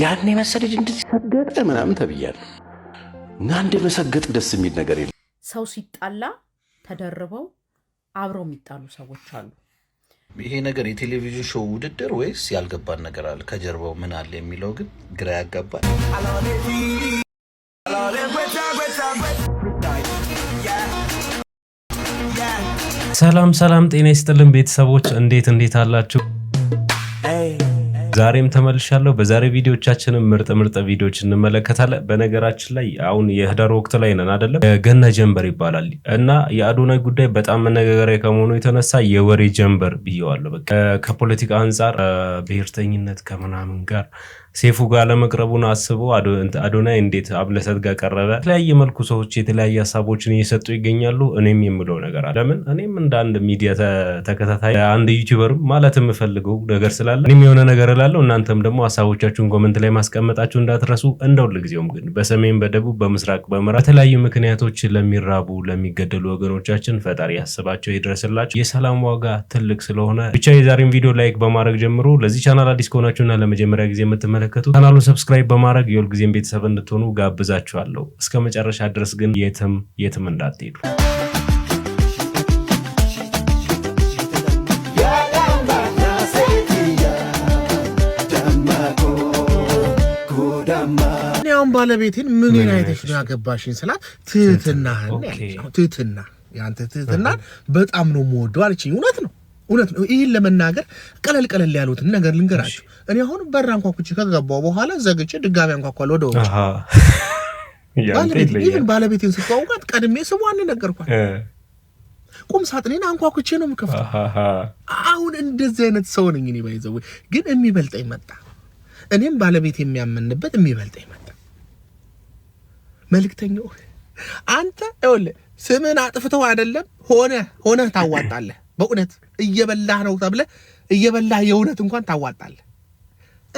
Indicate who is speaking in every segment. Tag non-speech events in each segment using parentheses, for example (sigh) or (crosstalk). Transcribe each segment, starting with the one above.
Speaker 1: ያኔ መሰለኝ እንደዚህ ሰገጠ ምናምን ተብያል እና እንደ መሰገጥ ደስ የሚል ነገር የለም።
Speaker 2: ሰው ሲጣላ ተደርበው አብረው የሚጣሉ ሰዎች አሉ።
Speaker 1: ይሄ ነገር የቴሌቪዥን ሾው ውድድር ወይስ ያልገባን ነገር አለ ከጀርባው ምን አለ የሚለው ግን ግራ ያጋባል። ሰላም ሰላም፣ ጤና ይስጥልን ቤተሰቦች፣ እንዴት እንዴት አላችሁ? ዛሬም ተመልሻለሁ። በዛሬ ቪዲዮቻችንም ምርጥ ምርጥ ቪዲዮች እንመለከታለን። በነገራችን ላይ አሁን የህዳር ወቅት ላይ ነን አይደለም? ገና ጀንበር ይባላል እና የአዶናይ ጉዳይ በጣም መነጋገሪያ ከመሆኑ የተነሳ የወሬ ጀንበር ብየዋለሁ። በቃ ከፖለቲካ አንጻር ብሔርተኝነት ከምናምን ጋር ሴፉ ጋር ለመቅረቡን አስቦ አዶናይ እንዴት አብለሰት ጋር ቀረበ? የተለያየ መልኩ ሰዎች የተለያየ ሀሳቦችን እየሰጡ ይገኛሉ። እኔም የምለው ነገር አለ። ለምን እኔም እንደ አንድ ሚዲያ ተከታታይ አንድ ዩቲዩበርም ማለት የምፈልገው ነገር ስላለ እኔም የሆነ ነገር እላለሁ። እናንተም ደግሞ ሀሳቦቻችሁን ኮመንት ላይ ማስቀመጣችሁ እንዳትረሱ። እንደ ሁልጊዜውም ግን በሰሜን፣ በደቡብ፣ በምስራቅ፣ በምዕራብ በተለያዩ ምክንያቶች ለሚራቡ ለሚገደሉ ወገኖቻችን ፈጣሪ ያስባቸው ይድረስላቸው። የሰላም ዋጋ ትልቅ ስለሆነ ብቻ የዛሬን ቪዲዮ ላይክ በማድረግ ጀምሮ ለዚህ ቻናል አዲስ ከሆናችሁና ለመጀመሪያ ጊዜ የምትመ እንድትመለከቱ ካናሉን ሰብስክራይብ በማድረግ የሁልጊዜም ቤተሰብ እንድትሆኑ ጋብዛችኋለሁ። እስከ መጨረሻ ድረስ ግን የትም የትም እንዳትሄዱ። ሁን ባለቤቴን ምን አይነት ነው ያገባሽኝ ስላት ትህትናህን ትህትና የአንተ ትህትናን በጣም ነው የምወደው አለችኝ። እውነት ነው እውነት ነው። ይህን ለመናገር ቀለል ቀለል ያሉትን ነገር ልንገራችሁ። እኔ አሁን በር አንኳኩቼ ከገባሁ በኋላ ዘግቼ ድጋሚ አንኳኳል ወደ ውጭ። ይህን ባለቤቴን ስትዋውቃት ቀድሜ ስሟን ነገርኳል። ቁም ሳጥኔን አንኳኩቼ ነው የምከፍተው። አሁን እንደዚህ አይነት ሰው ነኝ እኔ። ባይዘው ግን የሚበልጠኝ መጣ። እኔም ባለቤት የሚያመንበት የሚበልጠኝ መጣ። መልእክተኛው አንተ ይኸውልህ ስምን አጥፍተው አይደለም ሆነ ሆነ ታዋጣለህ በእውነት እየበላህ ነው ተብለ እየበላህ የእውነት እንኳን ታዋጣለ።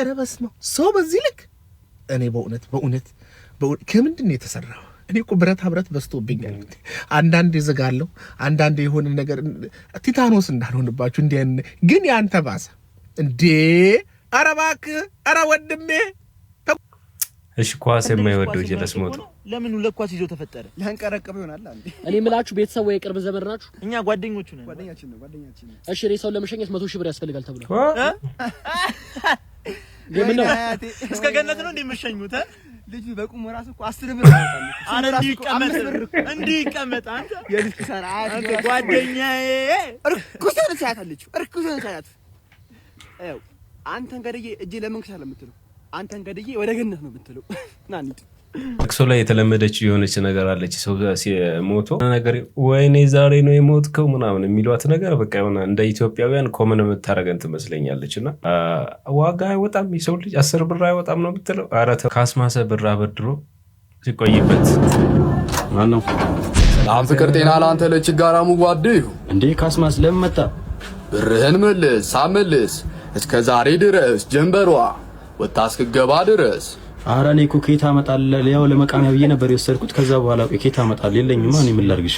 Speaker 1: ኧረ በስመ አብ ሰው በዚህ ልክ እኔ በእውነት በእውነት ከምንድን ነው የተሰራው? እኔ እኮ ብረታ ብረት በዝቶብኛል። አንዳንድ እዘጋለሁ፣ አንዳንድ የሆነ ነገር ቲታኖስ እንዳልሆንባችሁ እንዲ ግን ያንተ ባሰ እንዴ! ኧረ እባክህ ኧረ ወንድሜ እሺ ኳስ የማይወደው ጀለስ ሞቱ ለምን ሁለት ኳስ ይዞ ተፈጠረ? ለንቀረቀብ ይሆናል። አንዴ እኔ የምላችሁ ቤተሰብ ወይ የቅርብ ዘመድ ናችሁ? እኛ ጓደኞቹ ነን። ጓደኛችን ነው፣ ጓደኛችን ነው። እሺ፣ ሬሳውን ለመሸኘት መቶ ሺህ ብር ያስፈልጋል ተብሎ ለምን ነው እስከ ገነት ነው እንደምሸኙት? ልጁ በቁም ራሱ እኮ አስር ብር አወጣለሁ። አረ እንዲህ ይቀመጥ፣ እንዲህ ይቀመጥ። አንተ የልክ ሰራ አንተ ጓደኛዬ፣ እርኩስ ነው ሲያታለች፣ እርኩስ ነው ሲያታት። አንተን ገድዬ እጄ ለምን ነው የምትለው፣ አንተን ገድዬ ወደ ገነት ነው የምትለው (laughs) ናንት ለቅሶ ላይ የተለመደች የሆነች ነገር አለች። ሰው ሞቶ ነገር ወይኔ ዛሬ ነው የሞትከው ምናምን የሚሏት ነገር በቃ የሆነ እንደ ኢትዮጵያውያን ኮመን የምታደርገን ትመስለኛለች። እና ዋጋ አይወጣም የሰው ልጅ አስር ብር አይወጣም ነው የምትለው። ኧረ ተው ካስማሰ ብር አበድሮ ሲቆይበት ማነው ሰላም ፍቅር ጤና ለአንተ ለችጋራሙ ጓድ ይሁ እንዴ። ካስማስ ለምን መጣ? ብርህን ምልስ ሳምልስ እስከ ዛሬ ድረስ ጀንበሯ ወታ እስክገባ ድረስ ኧረ እኔ እኮ ከየት አመጣለሁ ያው ለመቃሚያ ብዬ ነበር የወሰድኩት። ከዛ በኋላ ቆይ ከየት አመጣለሁ የለኝማ። እኔ ምን ላድርግሽ?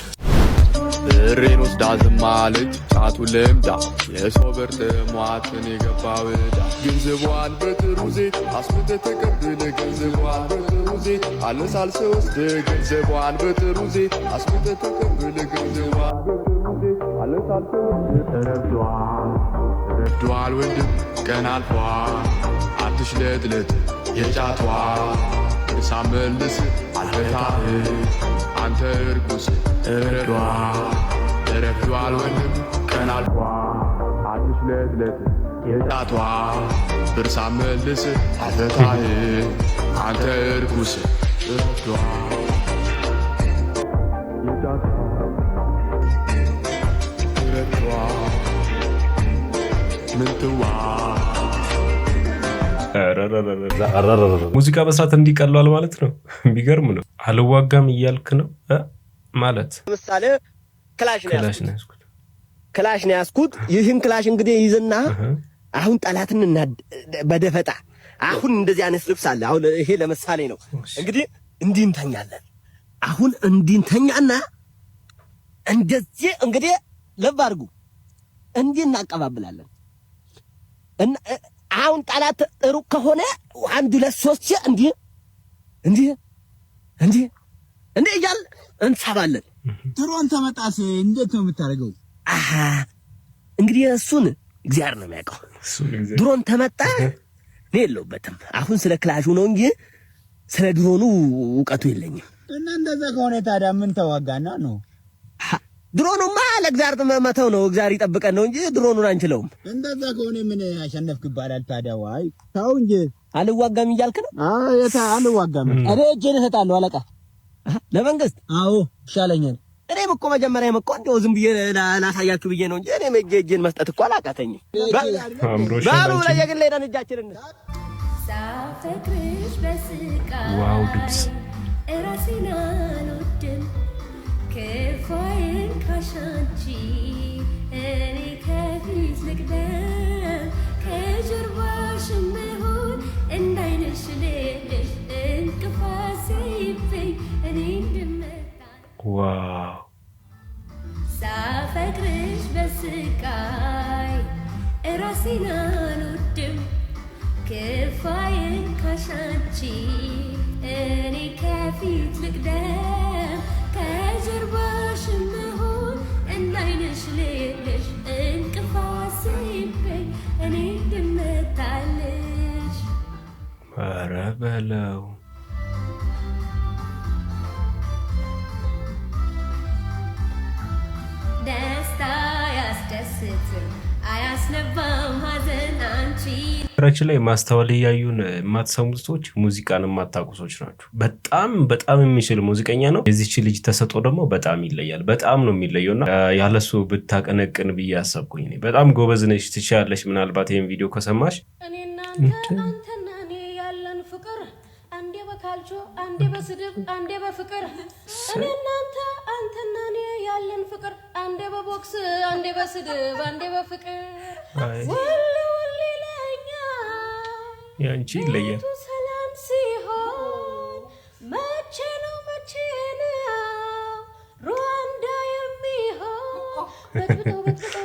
Speaker 1: ብሬን ውስጥ ዳዝማ ልጅ ጫቱን ልምዳ የሰው ብርት ሟትን የገባው ዕዳ ገንዘቧን በትሩዜ አስምተ ተቀብለ ገንዘቧን በትሩዜ አለሳልሰ ወስደ ገንዘቧን በትሩዜ አስምተ ተቀብለ ገንዘቧን በትሩዜ አለሳልሰ ወስደ ተረብዷል። ወንድም ቀን አልፏል። አትሽለጥለጥ የጫት ውሃ ሳመልስ አልፈታህ አንተ እርጉዝ እረዷ ተረግዟል ወንድም ቀናቷ አዲስ ለትለት የጫቷ ብር ሳመልስ አልፈታህ አንተ እርጉዝ እረዷ ምንትዋ ሙዚቃ መስራት እንዲቀሏል ማለት ነው። የሚገርም ነው። አልዋጋም እያልክ ነው ማለት ለምሳሌ ክላሽ ነው ያዝኩት፣ ክላሽ ነው ያዝኩት። ይህን ክላሽ እንግዲህ ይዝና አሁን ጠላትን በደፈጣ አሁን እንደዚህ አይነት ልብስ አለ። አሁን ይሄ ለምሳሌ ነው እንግዲህ እንዲህ እንተኛለን። አሁን እንዲህ እንተኛና እንደዚህ እንግዲህ ልብ አድርጉ እንዲህ እናቀባብላለን አሁን ጠላት ሩቅ ከሆነ አንድ ሁለት ሶስት እንዲህ እንዲህ እንዲህ እንዲህ እያል እንሳባለን። ድሮን ተመጣስ እንዴት ነው የምታደርገው? አሀ እንግዲህ እሱን እግዚአብሔር ነው የሚያውቀው። ድሮን ተመጣ እኔ የለውበትም። አሁን ስለ ክላሹ ነው እንጂ ስለ ድሮኑ እውቀቱ የለኝም። እና እንደዛ ከሆነ ታዲያ ምን ተዋጋና ነው ድሮኑማ ለእግዚአብሔር መተው ነው። እግዚአብሔር ይጠብቀን ነው እንጂ ድሮኑን አንችለውም። እንደዛ ከሆነ ምን አሸነፍክ ይባላል ታዲያ? አይ ተው እንጂ አልዋጋም እያልክ ነው? አይ አልዋጋም። እኔ እጄን እሰጣለሁ አለቃ፣ ለመንግስት። አዎ ይሻለኛል። እኔም እኮ መጀመሪያ የመቆ እንደው ዝም ብዬ ላሳያችሁ ብዬ ነው እንጂ እኔም እጄ እጄን መስጠት እኮ አላቃተኝም። ባሉ ላይ የግል ሄደን እጃችንን ዋው ድምፅ ክፉ አይንካሽ አንቺ እኔ ከፊት በነገራችን ላይ ማስተዋል እያዩን የማትሰሙት ሰዎች ሙዚቃን የማታውቁ ሰዎች ናቸው። በጣም በጣም የሚችል ሙዚቀኛ ነው። የዚች ልጅ ተሰጦ ደግሞ በጣም ይለያል። በጣም ነው የሚለየው እና ያለሱ ብታቀነቅን ብዬ አሰብኩኝ። በጣም ጎበዝ ነሽ፣ ትችያለሽ። ምናልባት ይህን ቪዲዮ ከሰማሽ እኔና እኔ ያለን ፍቅር አንዴ በካልቾ አንዴ በስድብ አንዴ በፍቅር እኔና አንተና እኔ ያለን ፍቅር አንዴ በቦክስ አንዴ በስድብ አንዴ በፍቅር ያንቺ ይለያል። ሰላም ሲሆን መቼ ነው መቼ ነው ሩዋንዳ የሚሆን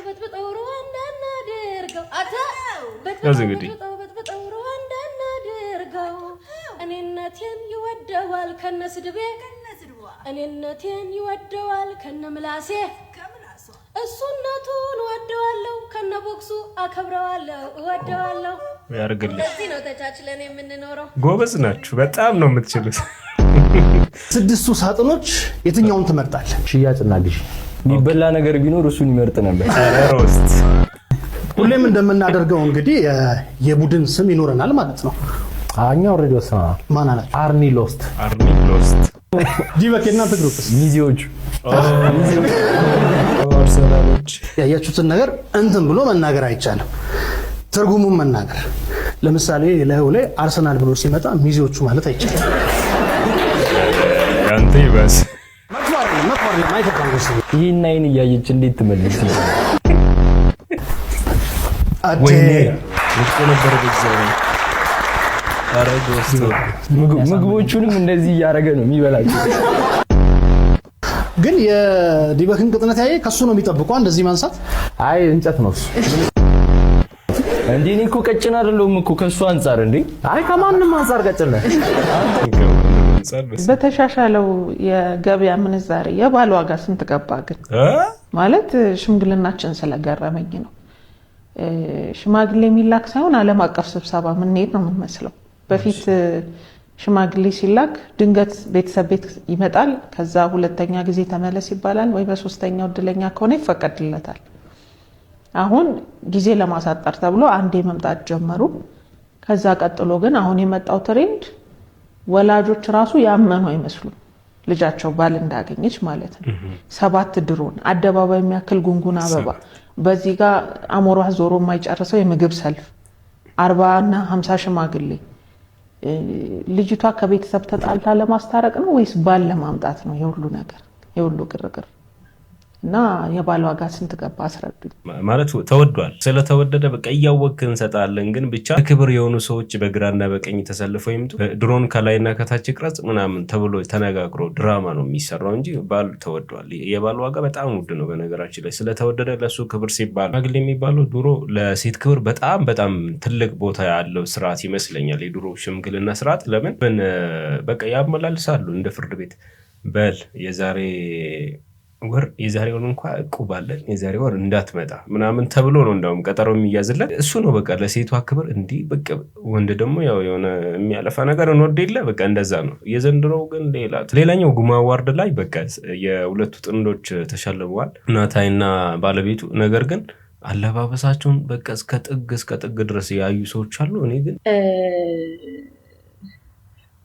Speaker 1: በጥብጠው ሩዋንዳ እናድርገው። እኔነቴን ይወደዋል ከነ ስድቤ፣ እኔነቴን ይወደዋል ከነ ምላሴ እሱነቱን እወደዋለሁ ከነ ቦክሱ አከብረዋለሁ እወደዋለሁ ያርግልሽ። ጎበዝ ናችሁ። በጣም ነው የምትችሉት። ስድስቱ ሳጥኖች የትኛውን ትመርጣል? ሽያጭና ግዥ። የሚበላ ነገር ቢኖር እሱን ይመርጥ ነበር። ሁሌም እንደምናደርገው እንግዲህ የቡድን ስም ይኖረናል ማለት ነው። እኛ ኦልሬዲ ወስነናል። ማን አላቸው? አርኒ ሎስት፣ አርኒ ሎስት። ጂበክ የእናንተ ግሩፕስ ሚዜዎቹ ያያችሁትን ነገር እንትን ብሎ መናገር አይቻልም። ትርጉሙን መናገር ለምሳሌ ላዩ ላይ አርሰናል ብሎ ሲመጣ ሚዜዎቹ ማለት አይቻልም። ይህን አይን እያየች እንዴት ትመልስ? ምግቦቹንም እንደዚህ እያደረገ ነው የሚበላቸው። ግን የዲበክን ቅጥነት ያየ ከሱ ነው የሚጠብቀ እንደዚህ ማንሳት አይ እንጨት ነው እሱ እንዴ እኔ እኮ ቀጭን አይደለሁም እኮ ከእሱ አንጻር እንዴ። አይ ከማንም አንጻር ቀጭን ነህ።
Speaker 3: በተሻሻለው የገበያ ምንዛሬ የባል ዋጋ ስንት ገባ? ግን ማለት ሽምግልናችን ስለገረመኝ ነው። ሽማግሌ የሚላክ ሳይሆን ዓለም አቀፍ ስብሰባ ምንሄድ ነው የምንመስለው። በፊት ሽማግሌ ሲላክ ድንገት ቤተሰብ ቤት ይመጣል። ከዛ ሁለተኛ ጊዜ ተመለስ ይባላል ወይ በሶስተኛው እድለኛ ከሆነ ይፈቀድለታል። አሁን ጊዜ ለማሳጠር ተብሎ አንዴ መምጣት ጀመሩ። ከዛ ቀጥሎ ግን አሁን የመጣው ትሬንድ ወላጆች ራሱ ያመኑ አይመስሉም ልጃቸው ባል እንዳገኘች ማለት ነው። ሰባት ድሮን አደባባይ የሚያክል ጉንጉን አበባ፣ በዚህ ጋር አሞሯ ዞሮ የማይጨርሰው የምግብ ሰልፍ፣ አርባ እና ሀምሳ ሽማግሌ። ልጅቷ ከቤተሰብ ተጣልታ ለማስታረቅ ነው ወይስ ባል ለማምጣት ነው? የሁሉ ነገር የሁሉ ግርግር እና የባል ዋጋ ስንት ገባ አስረዱኝ
Speaker 1: ማለት ተወዷል። ስለተወደደ በቃ እያወቅህ እንሰጣለን፣ ግን ብቻ ክብር የሆኑ ሰዎች በግራና በቀኝ ተሰልፈው ይምጡ፣ ድሮን ከላይና ከታች ቅረጽ ምናምን ተብሎ ተነጋግሮ ድራማ ነው የሚሰራው እንጂ ባል ተወዷል። የባል ዋጋ በጣም ውድ ነው በነገራችን ላይ። ስለተወደደ ለሱ ክብር ሲባል ሽማግሌ የሚባለው ድሮ ለሴት ክብር በጣም በጣም ትልቅ ቦታ ያለው ስርዓት ይመስለኛል። የድሮ ሽምግልና ስርዓት ለምን በቃ ያመላልሳሉ እንደ ፍርድ ቤት በል የዛሬ ወር የዛሬ ወር እንኳ እቁብ አለን የዛሬ ወር እንዳትመጣ ምናምን ተብሎ ነው እንዳውም ቀጠሮ የሚያዝለት እሱ ነው። በቃ ለሴቷ ክብር እንዲህ በቃ ወንድ ደግሞ ያው የሆነ የሚያለፋ ነገር እንወድ የለ በቃ እንደዛ ነው። የዘንድሮው ግን ሌላ። ሌላኛው ጉማ ዋርድ ላይ በቃ የሁለቱ ጥንዶች ተሸልመዋል ናታይና ባለቤቱ ነገር ግን አለባበሳቸውን በቃ እስከ ጥግ እስከ ጥግ ድረስ ያዩ ሰዎች አሉ። እኔ ግን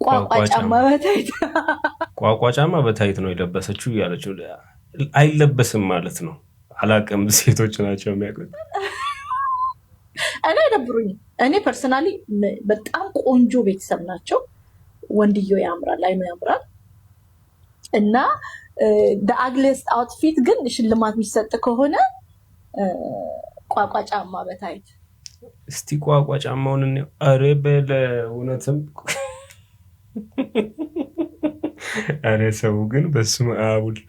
Speaker 1: ቋቋ ጫማ በታይት ቋቋ ጫማ በታይት ነው የለበሰችው ያለችው አይለበስም ማለት ነው። አላቅም (laughs) ሴቶች ናቸው የሚያውቁት።
Speaker 3: እኔ አይደብሩኝም። እኔ ፐርሰናሊ በጣም ቆንጆ ቤተሰብ ናቸው። ወንድየው ያምራል፣ አይኑ ያምራል እና ደአግሌስ አውትፊት ግን ሽልማት የሚሰጥ ከሆነ ቋቋ ጫማ በታይት
Speaker 1: እስቲ ቋቋ ጫማውን እንየው። ኧረ በለ እውነትም ኧረ (laughs) ሰው ግን በስመ አብ ወልድ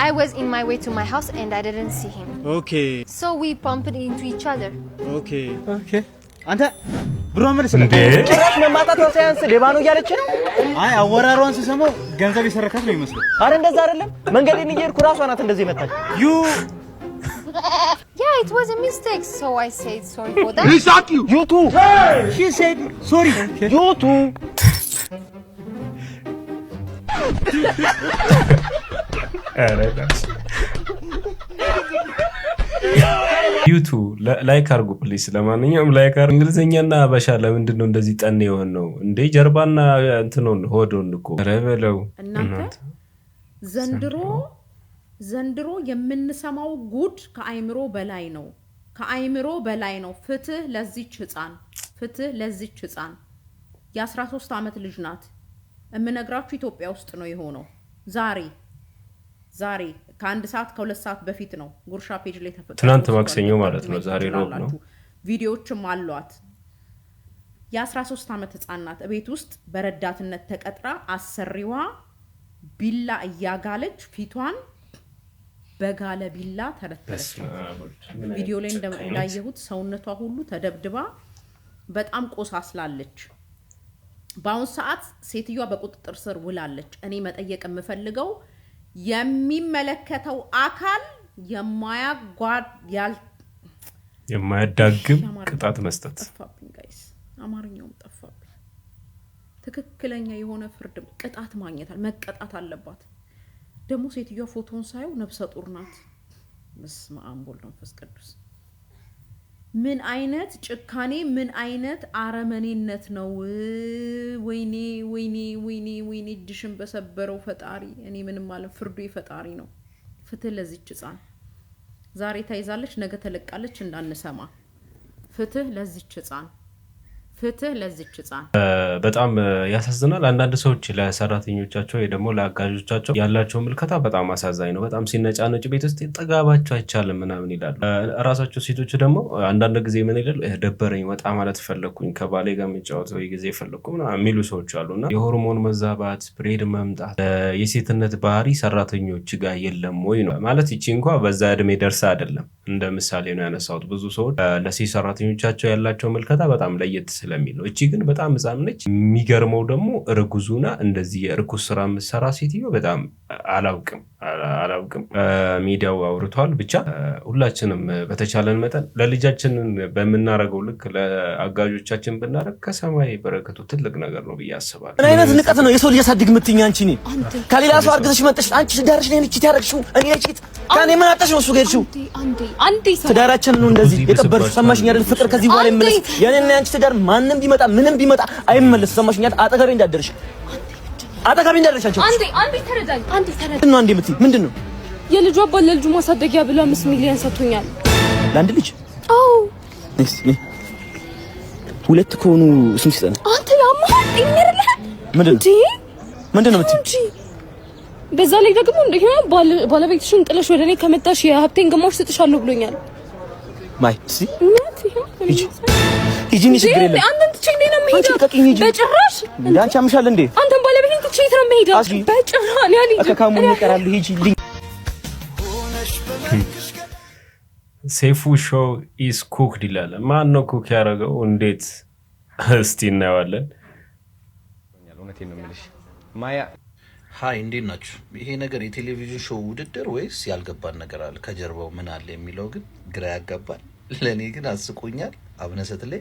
Speaker 2: I was in my way to my house and I didn't see him. Okay. So we bumped into each other.
Speaker 1: Okay. Okay. አንተ ብሮ ምን ስለ መማታት ሳያንስ ሌባ ነው እያለች ነው? አይ አወራሯን ስሰማው ገንዘብ የሰረካት ነው ይመስለው። አረ እንደዛ አይደለም። መንገድ እየሄድኩ እራሷ ናት እንደዚህ
Speaker 2: Yeah, it was a mistake, so I said sorry for that.
Speaker 1: He's you. You too. Hey! She said sorry. You too. (laughs) ዩቱ ላይክ አርጉ ፕሊስ። ለማንኛውም ላይክ አርጉ። እንግሊዝኛና አበሻ ለምንድን ነው እንደዚህ ጠን የሆን ነው እንዴ? ጀርባና እንትኖን ሆዶን እኮ ረበለው። እናንተ።
Speaker 2: ዘንድሮ ዘንድሮ የምንሰማው ጉድ ከአይምሮ በላይ ነው፣ ከአይምሮ በላይ ነው። ፍትህ ለዚች ህፃን፣ ፍትህ ለዚች ህፃን። የ13 ዓመት ልጅ ናት። የምነግራችሁ ኢትዮጵያ ውስጥ ነው የሆነው ዛሬ ዛሬ ከአንድ ሰዓት ከሁለት ሰዓት በፊት ነው ጉርሻ ፔጅ ላይ ተፈ
Speaker 1: ትናንት ማክሰኞ ማለት ነው። ዛሬ ሮብ ነው።
Speaker 2: ቪዲዮዎችም አሏት። የ13 ዓመት ህጻናት እቤት ውስጥ በረዳትነት ተቀጥራ አሰሪዋ ቢላ እያጋለች ፊቷን በጋለ ቢላ ተረተረች። ቪዲዮ ላይ እንዳየሁት ሰውነቷ ሁሉ ተደብድባ በጣም ቆሳስላለች። በአሁን ሰዓት ሴትዮዋ በቁጥጥር ስር ውላለች። እኔ መጠየቅ የምፈልገው የሚመለከተው አካል
Speaker 1: የማያዳግም ቅጣት መስጠት። ጠፋብኝ
Speaker 2: አማርኛውም ጠፋብኝ። ትክክለኛ የሆነ ፍርድ ቅጣት ማግኘታል። መቀጣት አለባት። ደግሞ ሴትዮዋ ፎቶን ሳየው ነብሰ ጡር ናት። በስመ አብ ወወልድ ወመንፈስ ቅዱስ ምን አይነት ጭካኔ ምን አይነት አረመኔነት ነው! ወይኔ ወይኔ ወይኔ ወይኔ እጅሽን በሰበረው ፈጣሪ። እኔ ምንም አለ፣ ፍርዱ የፈጣሪ ነው። ፍትህ ለዚች ህፃን። ዛሬ ተይዛለች፣ ነገ ተለቃለች እንዳንሰማ። ፍትህ ለዚች ህፃን። ፍትህ ለዚች ህፃን።
Speaker 1: በጣም ያሳዝናል። አንዳንድ ሰዎች ለሰራተኞቻቸው ወይ ደግሞ ለአጋዦቻቸው ያላቸው ምልከታ በጣም አሳዛኝ ነው። በጣም ሲነጫነጭ ቤት ውስጥ ጠጋባቸው አይቻልም ምናምን ይላሉ። እራሳቸው ሴቶች ደግሞ አንዳንድ ጊዜ ምን ይላሉ፣ ደበረኝ፣ ወጣ ማለት ፈለግኩኝ፣ ከባሌ ጋር የሚጫወት ወይ ጊዜ ፈለግኩ የሚሉ ሰዎች አሉ እና የሆርሞን መዛባት፣ ፕሬድ መምጣት፣ የሴትነት ባህሪ ሰራተኞች ጋር የለም ወይ ነው ማለት። ይቺ እንኳ በዛ እድሜ ደርሳ አይደለም እንደ ምሳሌ ነው ያነሳሁት። ብዙ ሰዎች ለሴት ሰራተኞቻቸው ያላቸው ምልከታ በጣም ለየት ስለሚል ነው። እቺ ግን በጣም ህፃን ነች። የሚገርመው ደግሞ እርጉዙና እንደዚህ የእርኩስ ስራ የምትሰራ ሴትዮ በጣም አላውቅም አላውቅም ሚዲያው አውርቷል። ብቻ ሁላችንም በተቻለን መጠን ለልጃችንን በምናደርገው ልክ ለአጋዦቻችን ብናደርግ ከሰማይ በረከቱ ትልቅ ነገር ነው ብዬ አስባለሁ። ምን አይነት ንቀት ነው? የሰው ልጅ አሳድግ የምትይኝ አንቺ እኔ ከሌላ ሰው አርግዘሽ መጠሽ አንቺ ትዳርሽ ነን ችት ያደረግሽው እኔ ችት ከኔ ምን አጣሽ ነው እሱ ጋር ትዳራችን ነው እንደዚህ የቀበርሽው። ሰማሽኝ አይደል? ፍቅር ከዚህ በኋላ ይመለስ የኔና ያንቺ ትዳር ማንም ቢመጣ ምንም ቢመጣ አይመለስ። ሰማሽኝ አይደል? አጠገቤ እንዳደርሽ አጠገቤ እንዳደረሻቸው አንዴ አንዴ ተረዳኝ። አንዴ ተረዳኝ ነው። አንዴ ምትይ ምንድን ነው?
Speaker 2: የልጁ አባት ለልጁ ማሳደጊያ ብሎ አምስት ሚሊዮን ሰጥቶኛል።
Speaker 1: ለአንድ ልጅ? አዎ። ኔክስት ኔ ሁለት ከሆኑ ስም ሲጠና
Speaker 2: አንተ ያማ አይነርለ
Speaker 1: ምንድን ነው? ምንድን ነው ምትይ?
Speaker 2: በዛ ላይ ደግሞ እንደገና ባለቤትሽን ጥለሽ ወደ እኔ ከመጣሽ የሀብቴን ግማሽ ስጥሻለሁ ብሎኛል።
Speaker 1: ማይ እስኪ ሂጂን ችግር የለም።
Speaker 2: አንተን ትቼ እንዴት ነው የምሄደው?
Speaker 1: በጭራሽ አንቺ አምሻል እንዴ?
Speaker 2: አንተን ባለቤቴን ትቼ የት ነው የምሄደው? በጭራሽ ያሊ ከካሙን ይቀራሉ። ሂጂልኝ።
Speaker 1: ሴፉ ሾው ኢስ ኩክድ ይላል። ማን ነው ኩክ ያደረገው? እንዴት? እስቲ እናየዋለን። ማያ ሀይ፣ እንዴት ናችሁ? ይሄ ነገር የቴሌቪዥን ሾው ውድድር ወይስ ያልገባን ነገር አለ? ከጀርባው ምን አለ የሚለው ግን ግራ ያጋባል። ለእኔ ግን አስቆኛል። አብነሰት ላይ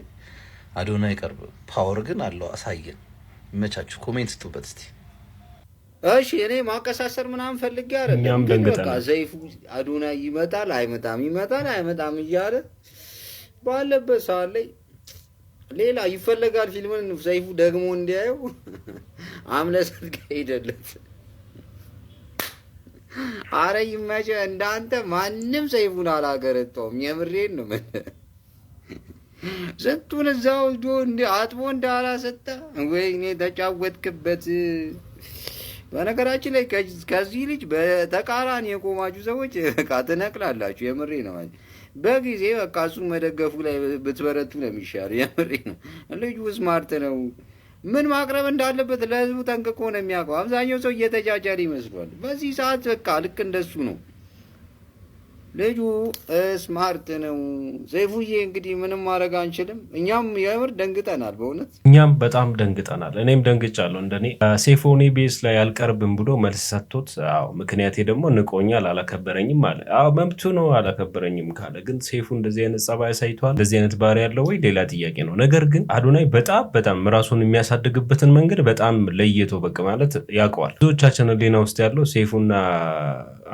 Speaker 1: አዶና ይቀርብ ፓወር ግን አለው። አሳየን። ይመቻችሁ። ኮሜንት ስጡበት እስቲ። እሺ እኔ ማቀሳሰር ምናምን ፈልጌ አይደለም፣ ግን በቃ ዘይፉ አዶና ይመጣል አይመጣም፣ ይመጣል አይመጣም እያለ ባለበት ሰዓት ላይ ሌላ ይፈለጋል ፊልምን ዘይፉ ደግሞ እንዲያየው (laughs) አምለሰት ጋር ሄደለት። አረ ይመቸ እንዳንተ ማንም ዘይፉን አላገረጠውም። የምሬን ነው። ስንቱን እዛው ዶ አጥቦ እንዳላሰጣ ወይኔ ተጫወትክበት። በነገራችን ላይ ከዚህ ልጅ በተቃራኒ የቆማችሁ ሰዎች በቃ ትነቅላላችሁ። የምሬ ነው። በጊዜ በቃ እሱ መደገፉ ላይ ብትበረቱ ነው የሚሻለው። የምሬ ነው። ልጁ ስማርት ነው። ምን ማቅረብ እንዳለበት ለህዝቡ ጠንቅቆ ነው የሚያውቀው። አብዛኛው ሰው እየተጫጫለ ይመስሏል። በዚህ ሰዓት በቃ ልክ እንደሱ ነው። ልጁ ስማርት ነው። ዘይፉዬ እንግዲህ ምንም ማድረግ አንችልም። እኛም የምር ደንግጠናል፣ በእውነት እኛም በጣም ደንግጠናል። እኔም ደንግጫለሁ። እንደኔ ሴፎኔ ቤስ ላይ አልቀርብም ብሎ መልስ ሰጥቶት፣ አዎ ምክንያቴ ደግሞ ንቆኛል፣ አላከበረኝም አለ። አዎ መብቱ ነው፣ አላከበረኝም ካለ ግን ሴፉ እንደዚህ አይነት ጸባይ አሳይቷል፣ እንደዚህ አይነት ባህሪ ያለው ወይ ሌላ ጥያቄ ነው። ነገር ግን አዶናይ በጣም በጣም ራሱን የሚያሳድግበትን መንገድ በጣም ለየቶ በቅ ማለት ያውቀዋል። ብዙዎቻችን ሌና ውስጥ ያለው ሴፉና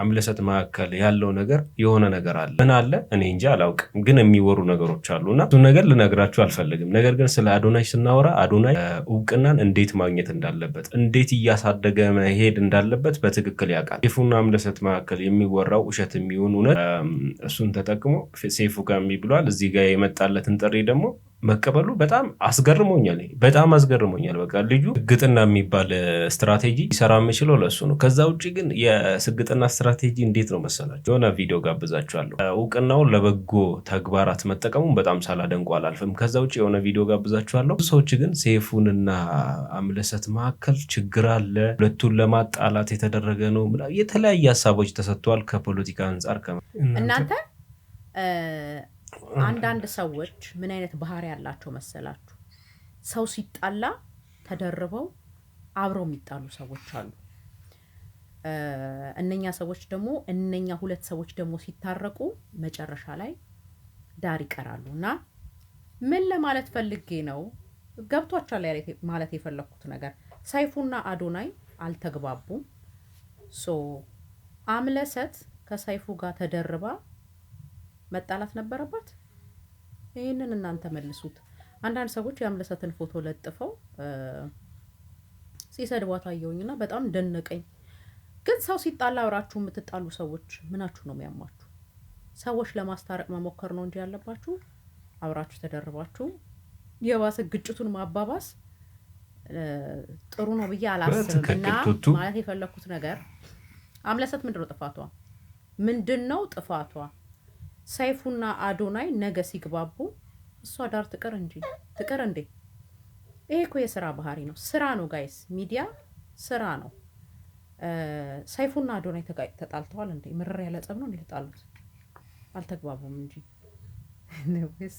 Speaker 1: አምለሰት መካከል ያለው ነገር የሆነ ነገር አለ። ምን አለ እኔ እንጂ አላውቅም፣ ግን የሚወሩ ነገሮች አሉ እና እሱን ነገር ልነግራችሁ አልፈልግም። ነገር ግን ስለ አዶናይ ስናወራ አዶናይ እውቅናን እንዴት ማግኘት እንዳለበት፣ እንዴት እያሳደገ መሄድ እንዳለበት በትክክል ያውቃል። ሴፉና አምለሰት መካከል የሚወራው ውሸት የሚሆን እውነት እሱን ተጠቅሞ ሴፉ ጋር ብሏል። እዚህ ጋር የመጣለትን ጥሪ ደግሞ መቀበሉ በጣም አስገርሞኛል። በጣም አስገርሞኛል። በቃ ልጁ ስግጥና የሚባል ስትራቴጂ ይሰራ የሚችለው ለሱ ነው። ከዛ ውጭ ግን የስግጥና ስትራቴጂ እንዴት ነው መሰላቸው? የሆነ ቪዲዮ ጋብዛችኋለሁ። እውቅናውን ለበጎ ተግባራት መጠቀሙን በጣም ሳላደንቁ አላልፍም። ከዛ ውጭ የሆነ ቪዲዮ ጋብዛችኋለሁ። ሰዎች ግን ሴፉንና አምለሰት መካከል ችግር አለ፣ ሁለቱን ለማጣላት የተደረገ ነው፣ የተለያየ ሀሳቦች ተሰጥተዋል። ከፖለቲካ አንጻር
Speaker 2: እናንተ አንዳንድ ሰዎች ምን አይነት ባህሪ ያላቸው መሰላችሁ? ሰው ሲጣላ ተደርበው አብረው የሚጣሉ ሰዎች አሉ። እነኛ ሰዎች ደግሞ እነኛ ሁለት ሰዎች ደግሞ ሲታረቁ መጨረሻ ላይ ዳር ይቀራሉ እና ምን ለማለት ፈልጌ ነው ገብቷችኋል? ማለት የፈለግኩት ነገር ሰይፉና አዶናይ አልተግባቡም። ሶ አምለሰት ከሰይፉ ጋር ተደርባ መጣላት ነበረባት። ይህንን እናንተ መልሱት። አንዳንድ ሰዎች የአምለሰትን ፎቶ ለጥፈው ሲሰድቧት አየሁኝና በጣም ደነቀኝ። ግን ሰው ሲጣላ አብራችሁ የምትጣሉ ሰዎች ምናችሁ ነው የሚያሟችሁ? ሰዎች ለማስታረቅ መሞከር ነው እንጂ ያለባችሁ አብራችሁ ተደርባችሁ የባሰ ግጭቱን ማባባስ ጥሩ ነው ብዬ አላስብም። ማለት የፈለግኩት ነገር አምለሰት ምንድን ነው ጥፋቷ? ምንድን ነው ጥፋቷ? ሰይፉና አዶናይ ነገ ሲግባቡ እሷ ዳር ትቅር እንጂ ትቅር እንዴ! ይሄ እኮ የስራ ባህሪ ነው። ስራ ነው ጋይስ፣ ሚዲያ ስራ ነው። ሰይፉና አዶናይ ተጣልተዋል እንዴ? ምርር ያለ ጸብ ነው የተጣሉት። አልተግባቡም እንጂ ነውስ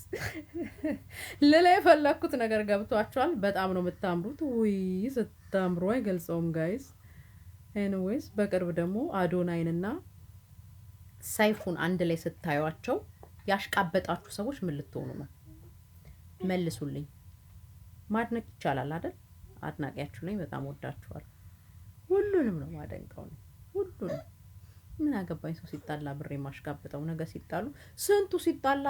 Speaker 2: ሌላ የፈለግኩት ነገር ገብቷቸዋል። በጣም ነው የምታምሩት። ውይ ስታምሩ አይገልጸውም ጋይስ። ኤኒዌይስ በቅርብ ደግሞ አዶናይንና ሰይፉን አንድ ላይ ስታዩቸው ያሽቃበጣችሁ ሰዎች ምን ልትሆኑ ነው? መልሱልኝ። ማድነቅ ይቻላል አይደል? አድናቂያችሁ ነኝ። በጣም ወዳችኋል። ሁሉንም ነው ማደንቀው ነው ሁሉንም። ምን አገባኝ ሰው ሲጣላ ብሬ ማሽቃብጠው። ነገ ሲጣሉ ስንቱ ሲጣላ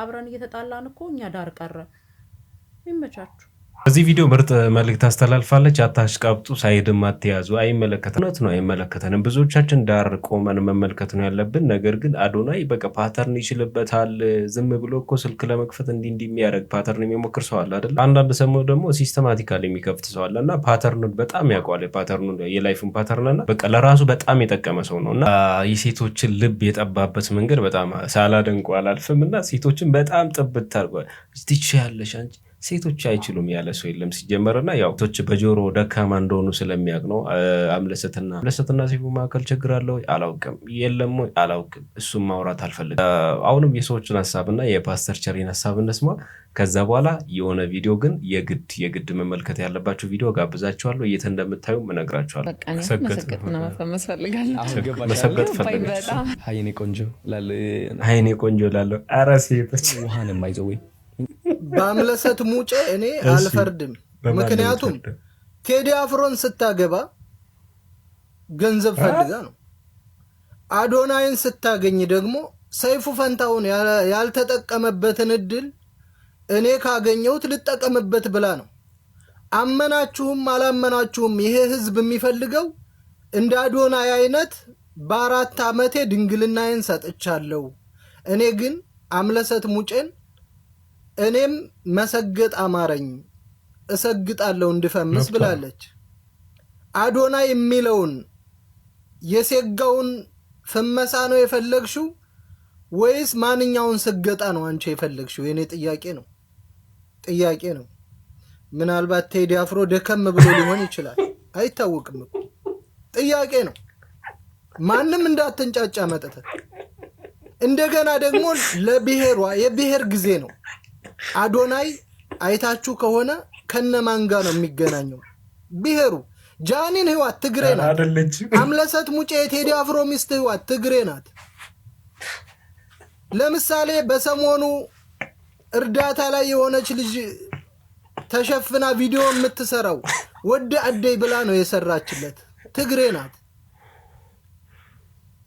Speaker 2: አብረን እየተጣላን እኮ እኛ ዳር ቀረ። ይመቻችሁ።
Speaker 1: በዚህ ቪዲዮ ምርጥ መልእክት ታስተላልፋለች። አታሽቃብጡ፣ ሳይድም አትያዙ። አይመለከተ እውነት ነው፣ አይመለከተንም። ብዙዎቻችን ዳር ቆመን መመልከት ነው ያለብን። ነገር ግን አዶናይ በቃ ፓተርን ይችልበታል። ዝም ብሎ እኮ ስልክ ለመክፈት እንዲ እንዲ የሚያደርግ ፓተርን የሚሞክር ሰው አለ አይደለ? አንዳንድ ሰሞ ደግሞ ሲስተማቲካል የሚከፍት ሰው አለ እና ፓተርኑን በጣም ያውቀዋል። ፓተርኑ የላይፍን ፓተርን እና በቃ ለራሱ በጣም የጠቀመ ሰው ነው እና የሴቶችን ልብ የጠባበት መንገድ በጣም ሳላደንቁ አላልፍም እና ሴቶችን በጣም ጥብት ታርጓል። ትችያለሽ አንቺ ሴቶች አይችሉም ያለ ሰው የለም። ሲጀመርና ያው ቶች በጆሮ ደካማ እንደሆኑ ስለሚያውቅ ነው። አምለሰትና አምለሰትና ሴ መካከል ችግር አለው አላውቅም፣ የለም አላውቅም። እሱም ማውራት አልፈልግም። አሁንም የሰዎችን ሀሳብና የፓስተር ቸሪን ሀሳብ እነስማ። ከዛ በኋላ የሆነ ቪዲዮ ግን የግድ የግድ መመልከት ያለባቸው ቪዲዮ ጋብዛችኋለሁ። የት እንደምታዩ እነግራችኋለሁ። መሰገጥ ሀይኔ ቆንጆ ላለው ኧረ ሴቶች ውሃን የማይዘው ወይ በአምለሰት ሙጬ እኔ አልፈርድም። ምክንያቱም ቴዲ አፍሮን ስታገባ ገንዘብ ፈልጋ ነው። አዶናይን ስታገኝ ደግሞ ሰይፉ ፈንታውን ያልተጠቀመበትን እድል እኔ ካገኘሁት ልጠቀምበት ብላ ነው። አመናችሁም አላመናችሁም ይሄ ህዝብ የሚፈልገው እንደ አዶናይ አይነት በአራት ዓመቴ ድንግልናዬን ሰጥቻለሁ። እኔ ግን አምለሰት ሙጬን እኔም መሰገጥ አማረኝ እሰግጣለሁ እንድፈምስ ብላለች። አዶና የሚለውን የሴጋውን ፍመሳ ነው የፈለግሽው ወይስ ማንኛውን ስገጣ ነው አንቺ የፈለግሽው? የእኔ ጥያቄ ነው ጥያቄ ነው። ምናልባት ቴዲ አፍሮ ደከም ብሎ ሊሆን ይችላል፣ አይታወቅም። ጥያቄ ነው። ማንም እንዳትንጫጫ መጠተት። እንደገና ደግሞ ለብሔሯ የብሔር ጊዜ ነው። አዶናይ አይታችሁ ከሆነ ከነማን ጋር ነው የሚገናኘው? ብሔሩ ጃኒን ህዋት ትግሬ ናት። አምለሰት ሙጬ የቴዲ አፍሮ ሚስት ህዋት ትግሬ ናት። ለምሳሌ በሰሞኑ እርዳታ ላይ የሆነች ልጅ ተሸፍና ቪዲዮ የምትሰራው ወደ አደይ ብላ ነው የሰራችለት፣ ትግሬ ናት።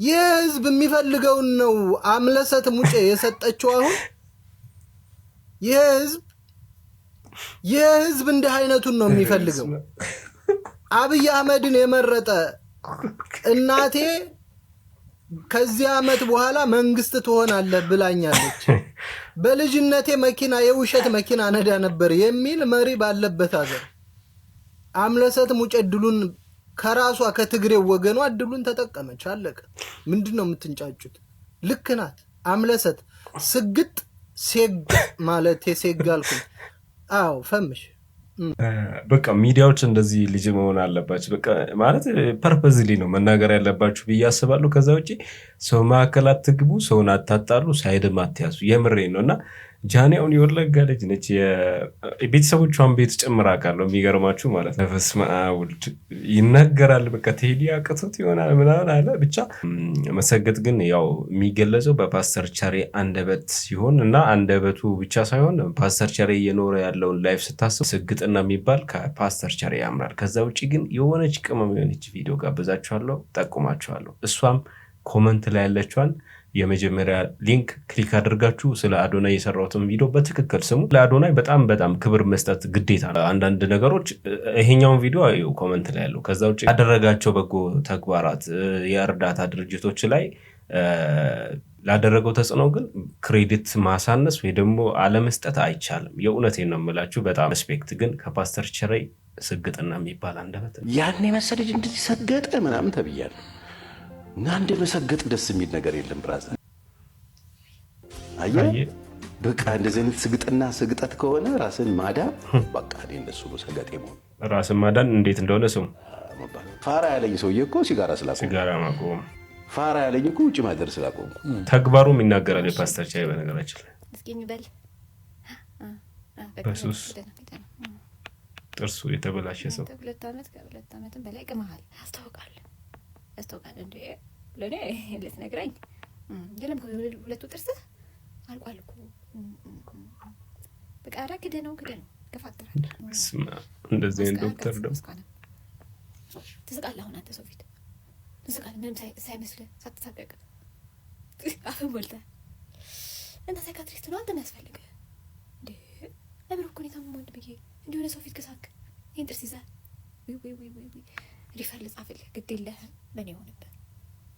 Speaker 1: ይህ ህዝብ የሚፈልገውን ነው አምለሰት ሙጬ የሰጠችው አሁን ይህ ህዝብ ይህ ህዝብ እንዲህ አይነቱን ነው የሚፈልገው። አብይ አህመድን የመረጠ እናቴ ከዚህ ዓመት በኋላ መንግስት ትሆናለህ ብላኛለች። በልጅነቴ መኪና የውሸት መኪና ነዳ ነበር የሚል መሪ ባለበት ሀገር አምለሰት ሙጭ እድሉን ከራሷ ከትግሬው ወገኗ እድሉን ተጠቀመች። አለቀ። ምንድን ነው የምትንጫጩት? ልክ ናት አምለሰት ስግጥ ሴግ ማለት ሴግ አልኩኝ። አዎ ፈምሽ በቃ ሚዲያዎች እንደዚህ ልጅ መሆን አለባቸው። በቃ ማለት ፐርፐዝሊ ነው መናገር ያለባችሁ ብዬ አስባለሁ። ከዛ ውጭ ሰው መካከል አትግቡ፣ ሰውን አታጣሉ፣ ሳይድም አትያዙ። የምሬ ነው እና ጃኒ አሁን የወለጋ ልጅ ነች። የቤተሰቦቿን ቤት ጭምር አውቃለሁ። የሚገርማችሁ ማለት ነው። በስመ አብ ወልድ በቃ ቴዲ አቅቶት ይሆናል ምናምን አለ። ብቻ መሰገጥ ግን ያው የሚገለጸው በፓስተር ቸሬ አንደበት ሲሆን እና አንደበቱ ብቻ ሳይሆን ፓስተር ቸሬ እየኖረ ያለውን ላይፍ ስታስብ ስግጥና የሚባል ከፓስተር ቸሬ ያምራል። ከዛ ውጭ ግን የሆነች ቅመም የሆነች ቪዲዮ ጋብዛችኋለሁ፣ ጠቁማችኋለሁ። እሷም ኮመንት ላይ ያለችዋን የመጀመሪያ ሊንክ ክሊክ አድርጋችሁ ስለ አዶናይ የሰራሁትን ቪዲዮ በትክክል ስሙ። ለአዶናይ በጣም በጣም ክብር መስጠት ግዴታ። አንዳንድ ነገሮች ይሄኛውን ቪዲዮ ኮመንት ላይ ያለው ከዛ ውጭ ያደረጋቸው በጎ ተግባራት የእርዳታ ድርጅቶች ላይ ላደረገው ተጽዕኖ ግን ክሬዲት ማሳነስ ወይ ደግሞ አለመስጠት አይቻልም። የእውነት ነው የምላችሁ። በጣም ስፔክት ግን ከፓስተር ቸረይ ስግጥና የሚባል አንደበት ያን የመሰለ ልጅ እንደዚህ ሰገጠ ምናምን ተብያለሁ እና እንደ መሰገጥ ደስ የሚል ነገር የለም። ብራዘር አየህ፣ በቃ እንደዚህ አይነት ስግጥና ስግጠት ከሆነ ራስን ማዳን (laughs) በቃ እንደሱ ሰገጤ መሆን ራስን ማዳን እንዴት እንደሆነ ሰው ፋራ ያለኝ ሰውዬ እኮ ሲጋራ ስላቆም ሲጋራ ማቆም ፋራ ያለኝ እኮ ውጭ ማደር ስላቆም ተግባሩም ይናገራል። የፓስተር ቻይ በነገራችን ላይ በሱስ ጥርሱ የተበላሸ ሰው ከሁለት ዓመት ከሁለት ዓመትም በላይ ቅመሃል ያስታውቃል። ተስተውቃል እንዴ? ለእኔ ልትነግረኝ የለም። ሁለቱ ጥርስህ አልቋል እኮ በቃ። ኧረ ክደ ነው ክደ ነው ገፋጥራል። እንደዚህ አይነት ዶክተር ደግሞ ትስቃለህ። አሁን አንተ ሰው ፊት ትስቃለህ፣ ምንም ሳይመስልህ ሳትሳቀቅ አፍን ሞልተህ እና ሳይካትሪስት ነው አንተ የሚያስፈልግህ እንዴ? አብረው እኮ እኔ ታሞ ወንድ እንዲሆነ ሰው ፊት ከሳክ ይህን ጥርስ ይዛል። ሪፈር ልጻፍልህ ግድ የለህም። በእኔ ይሆንብህ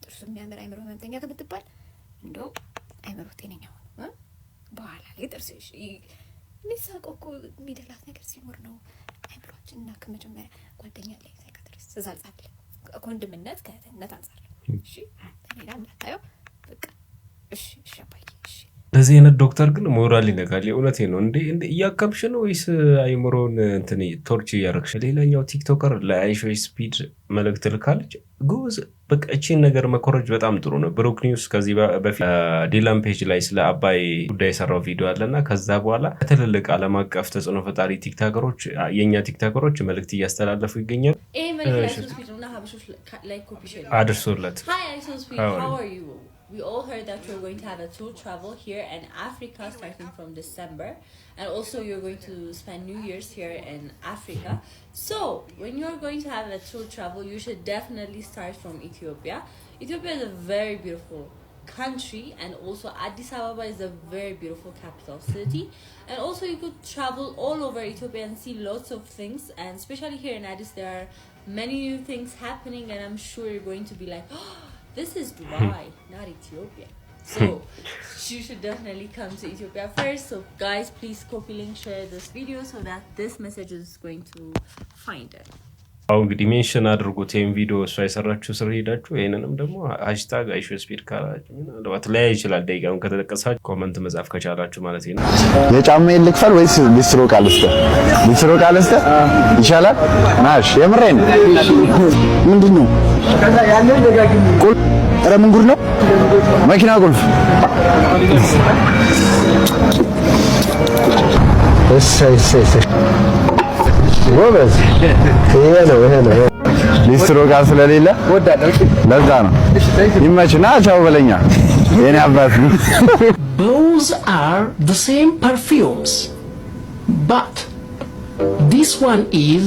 Speaker 1: ጥርሱ የሚያምር አይምሮ ህመምተኛ ከምትባል እንዶ አይምሮ ጤነኛ ሆነ በኋላ ላይ ጥርስ የሚሳቀው እኮ የሚደላት ነገር ሲኖር ነው አይምሮችን እና ከመጀመሪያ ጓደኛ ላይ ሳይካትሪስት እዛ ልጻፍልህ ከወንድምነት ከእህትነት አንጻር እሺ በሌላ እንዳታየው በቃ እሺ እሺ ባይ እሺ እንደዚህ አይነት ዶክተር ግን ሞራል ይነካል። የእውነቴ ነው። እንዴ እንዴ እያከብሽ ነው ወይስ አይምሮን እንትን ቶርች እያረግሽ? ሌላኛው ቲክቶከር ለአይሾ ስፒድ መልእክት ልካለች። ጉዝ በቃ እቺን ነገር መኮረጅ በጣም ጥሩ ነው። ብሮክ ኒውስ ከዚህ በፊት ዲላን ፔጅ ላይ ስለ አባይ ጉዳይ የሰራው ቪዲዮ አለና ከዛ በኋላ ትልልቅ ዓለም አቀፍ ተጽዕኖ ፈጣሪ ቲክቶከሮች የእኛ ቲክቶከሮች መልእክት እያስተላለፉ ይገኛል። አድርሶለት we all heard that you're going to have a tour travel here in Africa starting from December and also you're going to spend New Year's here in Africa. So when you're going to have a tour travel, you should definitely start from Ethiopia. Ethiopia is a very beautiful country and also Addis Ababa is a very beautiful capital city and also you could travel all over Ethiopia and see lots of things and especially here in Addis there are many new things happening and I'm sure you're going to be like (gasps) oh, this is (laughs) Dubai, not Ethiopia. So (laughs) you should definitely come to Ethiopia first. So guys, please copy link, share this video so that this message is going to find it. አሁን እንግዲህ ሜንሽን አድርጉት ይህን ቪዲዮ እሷ የሰራችሁ ስር ሄዳችሁ ይህንንም ደግሞ ሀሽታግ አይሾ ስፒድ ካላችሁ ምናልባት ላይ ይችላል ደቂቃውን ከተጠቀሳችሁ ኮመንት መጻፍ ከቻላችሁ ማለት ነው። የጫማ ልክፈል ወይስ ቢስትሮ ቃልስተ ቢስትሮ ቃልስተ ይሻላል። ናሽ የምሬ ነው። ምንድን ነው ኧረ ምን ነው? መኪና ቁልፍ እሰይ እሰይ ጎበዝ። ይሄ ነው ይሄ ነው ሊስትሮ ጋር ስለሌለ ለዛ ነው። ይመችና ቻው በለኛ የኔ አባት።
Speaker 4: Those are the same perfumes but this one is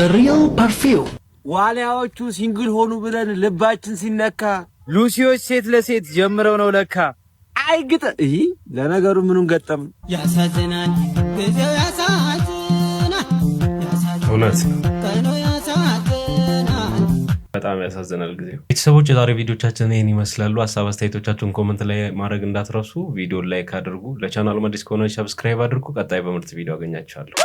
Speaker 4: the real perfume
Speaker 1: ዋልያዎቹ ሲንግል ሆኑ ብለን ልባችን ሲነካ ሉሲዎች ሴት ለሴት ጀምረው ነው ለካ። አይግጥ ይህ ለነገሩ ምኑን ገጠም ያሳዝናል። እውነት በጣም ያሳዝናል ጊዜ። ቤተሰቦች የዛሬ ቪዲዮቻችን ይህን ይመስላሉ። ሀሳብ አስተያየቶቻችሁን ኮመንት ላይ ማድረግ እንዳትረሱ። ቪዲዮ ላይክ አድርጉ። ለቻናሉ አዲስ ከሆነ ሰብስክራይብ አድርጉ። ቀጣይ በምርት ቪዲዮ አገኛችኋለሁ።